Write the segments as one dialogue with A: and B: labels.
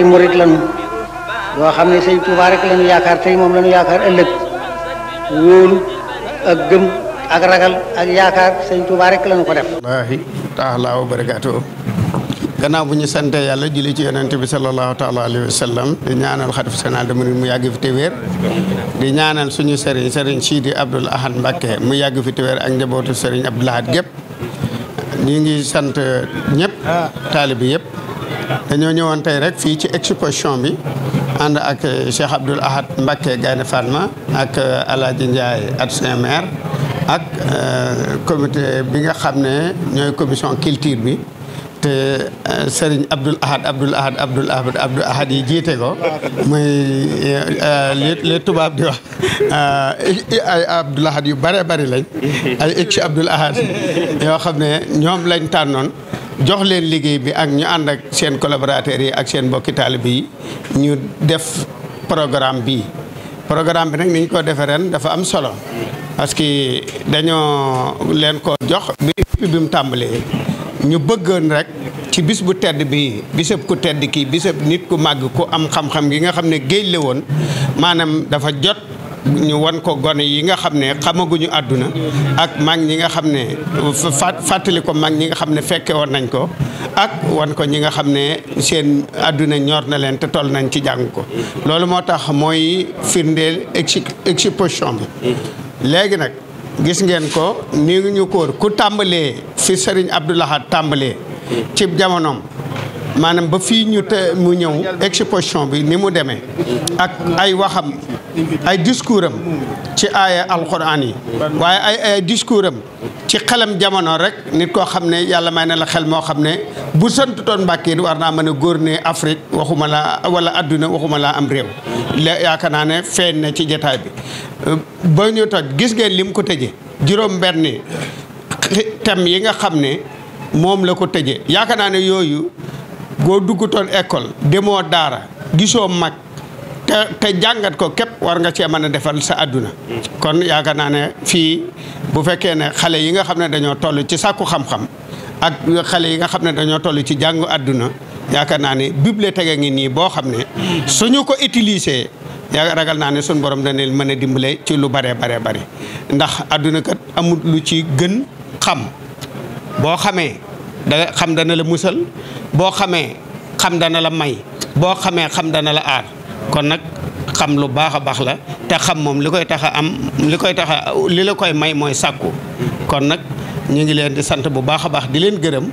A: ay murit yoo xam ne sëñ Touba rek yaakaar tey moom lañu yaakaar ëllëg wóolu ak gëm ak ragal ak yaakaar sëñ Touba rek lañu ko def. wallaahi taala wa barakaatu gannaaw bu ñu santee yàlla julli ci yonent bi sallallahu taala alayhi wa sallam di ñaanal xalifa général des mourides mu yàgg fi te wér di ñaanal suñu sëriñ sëriñ Sidi Abdoul Ahad Mbacké mu yàgg fi te wér ak njabootu sëriñ Abdoul Ahad gépp ñu ngi sant ñëpp ah. taalibi yëpp dañoo ñëwoon tey rek fii ci exposition bi ànd ak Cheikh Abdoul Ahad Mbacké Gaynde Fatma ak euh, Alaaji at adjoint maire ak euh, comité bi nga xam ne ñooy commission culture bi te euh, Serigne Abdoul Ahad Abdoul Ahad Abdoul Ahad yi jiite ko muy li tubaab di wax ay Abdoul Ahad yu bare bari lañ ay ex Abdoul Ahad yoo xam ne ñoom lañ tànnoon jox leen liggéey bi ak ñu ànd ak seen collaborateurs yi ak seen mbokki taalibe yi ñu def programme bi programme bi nag ni ñu ko defee ren dafa am solo parce que dañoo leen ko jox bi bi mu tàmbalee ñu bëggoon rek ci bis bu tedd bi bisëp ku tedd kii bisab nit ku màgg ku am xam-xam gi nga xam ne géej la woon maanaam dafa jot ñu wan ko gone yi nga xam ne xamaguñu àdduna ak mag ñi nga xam ne fàttali ko mag ñi nga xam ne fekke woon nañ ko ak wan ko ñi nga xam ne seen àdduna ñor na leen te toll nañ ci jàng ko loolu moo tax mooy firndeel exposition bi léegi nag gis ngeen ko ni ngi ñu kóor ku tàmbalee fi Serigne Abdou tàmbalee cib jamonoom maanaam ba fii ñu te mu ñëw exposition bi ni mu demee ak ay waxam ay discours am ci aaya alquran yi waaye ay ay discours ci xelam jamono rek nit koo xam ne yàlla may na la xel moo xam ne bu sant toon Mbàkke war naa mën a góor ne Afrique waxuma laa wala adduna waxuma laa am réew la yaakaar naa ne feeñ na ci jataay bi ba ñu toj gis ngeen lim ko tëje juróom benn thème yi nga xam ne moom la ko tëje yaakaar naa ne yooyu dugg duggutoon école demoo daara gisoo mag te jàngat ko képp war nga cee mën a defal sa àdduna kon yaakaar naa ne fii bu fekkee ne xale yi nga xam ne dañoo toll ci sàkku xam ak xale yi nga xam ne dañoo toll ci jàngu àdduna yaakaar naa ne bibliothèque ngi nii boo xam ne suñu ko utiliser yaa ragal naa ne suñu borom dana mën a dimbale ci lu bare bare bari ndax àdduna kat amul lu ci gën xam boo xamee da xam dana la musal boo xamee xam dana la may boo xamee xam dana la aar kon nag xam lu baax a baax la te xam moom li koy tax a am li koy tax a li la koy may mooy sàkku kon nag ñu ngi leen di sant bu baax a baax di leen gërëm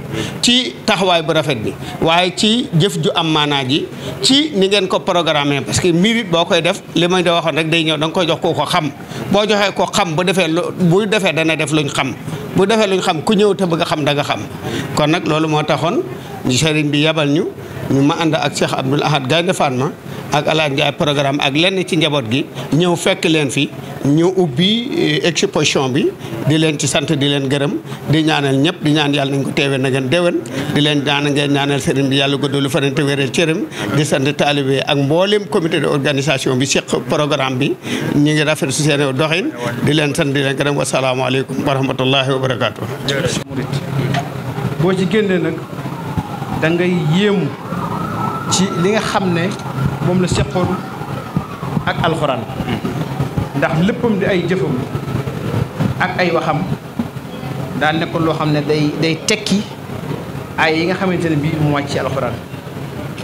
A: ci taxawaay bu rafet bi waaye ci jëf ju am maanaa ji ci ni ngeen ko programme parce que mérite boo koy def li ma doon waxoon rek day ñëw da nga koy jox koo ko xam boo joxee ko xam bu defee lu bu defee dana def luñ xam bu defee luñ xam ku ñëw te bëgg a xam danga xam kon nag loolu moo taxoon sëriñ bi yabal ñu ñu ma ànd ak Cheikh Abdoul Ahad Gaynde Fatma ak alaaj Ndiaye programme ak lenn ci njaboot gi ñëw fekk leen fi ñu ubbi eh, exposition bi di leen ci sant di leen gërëm di ñaanal ñëpp di ñaan yàlla nañ ko teewee na ngeen déwén di leen daana ngeen ñaanal sëriñ bi yàlla guddalu fan te wéral cëram di sant taalibe ak mbooleem comité de organisation bi seq programme bi ñu ngi rafet su seen doxin di leen sant di leen gërëm wasalaamaaleykum wa rahmatullahi wa barakaatu. boo ci génnee nag da ngay yéemu ci li nga xam ne moom la seqoon ak alxuraan ndax léppam di ay jëfam ak ay waxam daa nekkoon loo xam ne day day tekki ay yi nga xamante ne bii mu wàcc ci alxuraan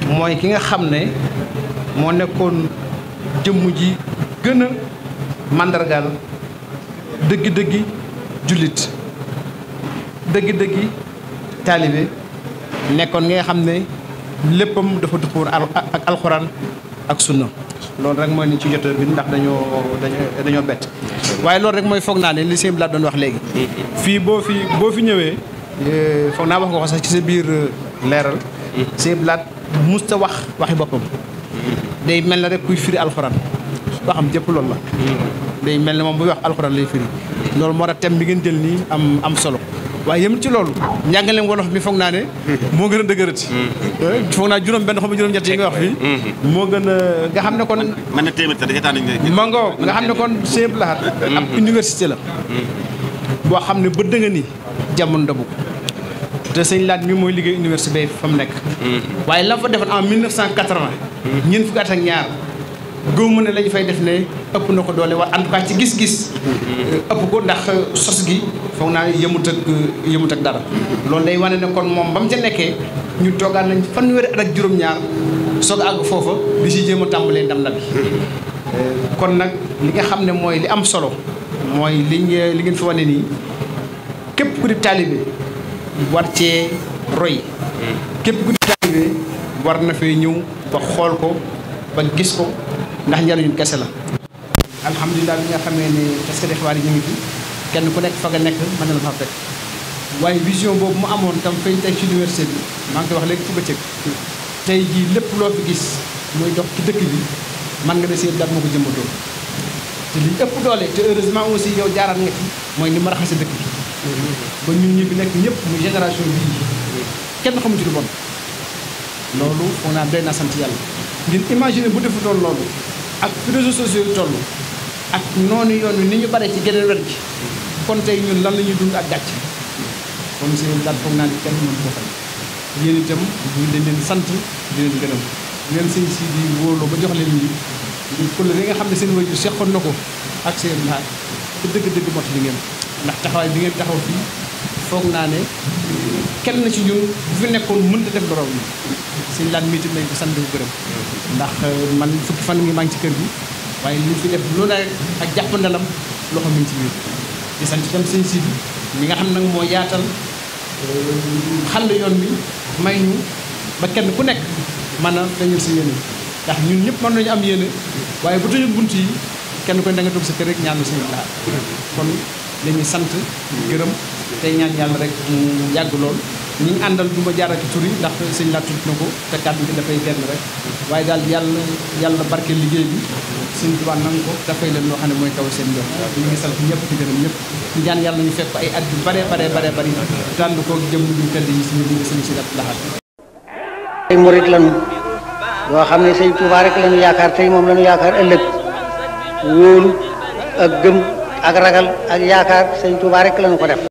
A: mooy ki nga xam ne moo nekkoon jëmm ji gën a màndargaal dëggi-dëggi jullit dëggi-dëggi taalibe nekkoon nga xam ne léppam dafa dëppoon ak alxuraan ak sunna loolu rek mooy ni ci jot bi ndax dañoo dañoo dañoo bett waaye loolu rek mooy foog naa ne li sëñ bi laa doon wax léegi fii boo fi boo fi ñëwee eh, foog naa wax ko sax ci sa biir eh, leeral sëñ bi laa mus ta wax waxi boppam day mel na rek kuy firi alxuraan waxam jëpp loolu la day mel na moom buy wax alxuraan lay firi loolu moo tax thème bi ngeen jël nii am am solo waaye yemul ci loolu njàngaleem wolof mi foog naa ne moo gën a dëgërati mm-hmm. foog naa juróom benn xam nga juróom ñett yi nga wax fii mm-hmm. moo gën a nga xam ne kon man na téeméer te dajetaan mangoo nga xam ne kon simple laxat mm-hmm. ab université la boo xam ne ba dënga ni jamono dabu te sëñ laat mi mooy liggéey université ba fa mu nekk waaye la fa defoon en 1980 ñeent fukki at ak ñaar gëmm ne la ñu fay def ne ëpp na ko doole war en tout cas ci gis-gis. Mm-hmm. ëpp ko ndax euh, sos gi foog naa yëmut ak euh, yëmut ak dara. loolu day wane ne kon moom ba mu ca nekkee ñu toogaan nañ fanweeri at ak juróom-ñaar soog a àgg foofa di si jéem a tàmbalee ndam la bi. Mm-hmm. kon nag li nga xam ne mooy li am solo mooy li li ngeen fi wane nii képp ku di taalibe war cee roy. Mm-hmm. képp ku di war na fee ñëw ba xool ko ba gis ko. ndax njariñu kese la alhamdulilah bi nga xamee ne taskati xibaar yi ñu ngi fi kenn ku nekk fa nga nekk mën na la faa fekk waaye vision boobu mu amoon tam fañ teg ci université bi maa ngi koy wax léegi ci bëccëg tey jii lépp loo gis muy dox ci dëkk bi man nga ne seen daat moo ko jëmbatoo te li ëpp doole te heureusement aussi yow jaaraat nga ci mooy ni ma raxase dëkk bi ba ñun ñi fi nekk ñëpp muy génération bii kenn xamu ci lu bon loolu foog naa doy na sant yàlla ngir imaginer bu defutoon loolu ak fi réseaux sociaux yi toll ak noonu yoon wi ni ñu bare ci geneen wet bi kon tey ñun lan la ñuy dund ak gàcc kon seen daal foog naa ni kenn mën ko fay yéen itam ñu dañ leen sant di leen gërëm leen sëñ sii di wóoloo ba jox leen ñi ñu kul li nga xam ne seen wajur seqoon na ko ak seen laaj te dëgg-dëgg mot li ngeen ndax taxawaay bi ngeen taxaw fii foog naa ne kenn ci ñun bu fi nekkoon mënta def borom bi suñu laan miitam nañ ko sant bu gërëm ndax euh, man fukki fan ngi maa ngi ci kër gi waaye li fi def lu ne ak jàppandalam loxo mi ngi ci di sant itam sëñ si mi nga xam nag moo yaatal euh, xàll yoon bi may ñu ba kenn ku nekk mën a dañu si yéene ndax ñun ñëpp mën nañu am yéene waaye bu tëjul bunt yi kenn ko da nga toog sa kër rek ñaanu sëñ laa kon dañuy sant gërëm tey ñaan yàlla rek mu yàgg lool ñu àndal du ma jaarati tur yi ndax sëñ laa tudd na ko te kàddu dafay benn rek waaye daal yàlla yàlla barkeel liggéey bi suñ tubaab nan ko dafay leen loo xam ne mooy kaw seen yoon ñu ngi sant ñëpp di yàlla ñu fekk ay at yu bare bare bare bari dànd ko jëm ñu tedd yi suñu digg suñu si laxaat xam ne sëñ Tuubaa rek lañu yaakaar tey moom lañu yaakaar ëllëg wóolu ak gëm ak ragal ak yaakaar sëñ Tuubaa rek lañu ko def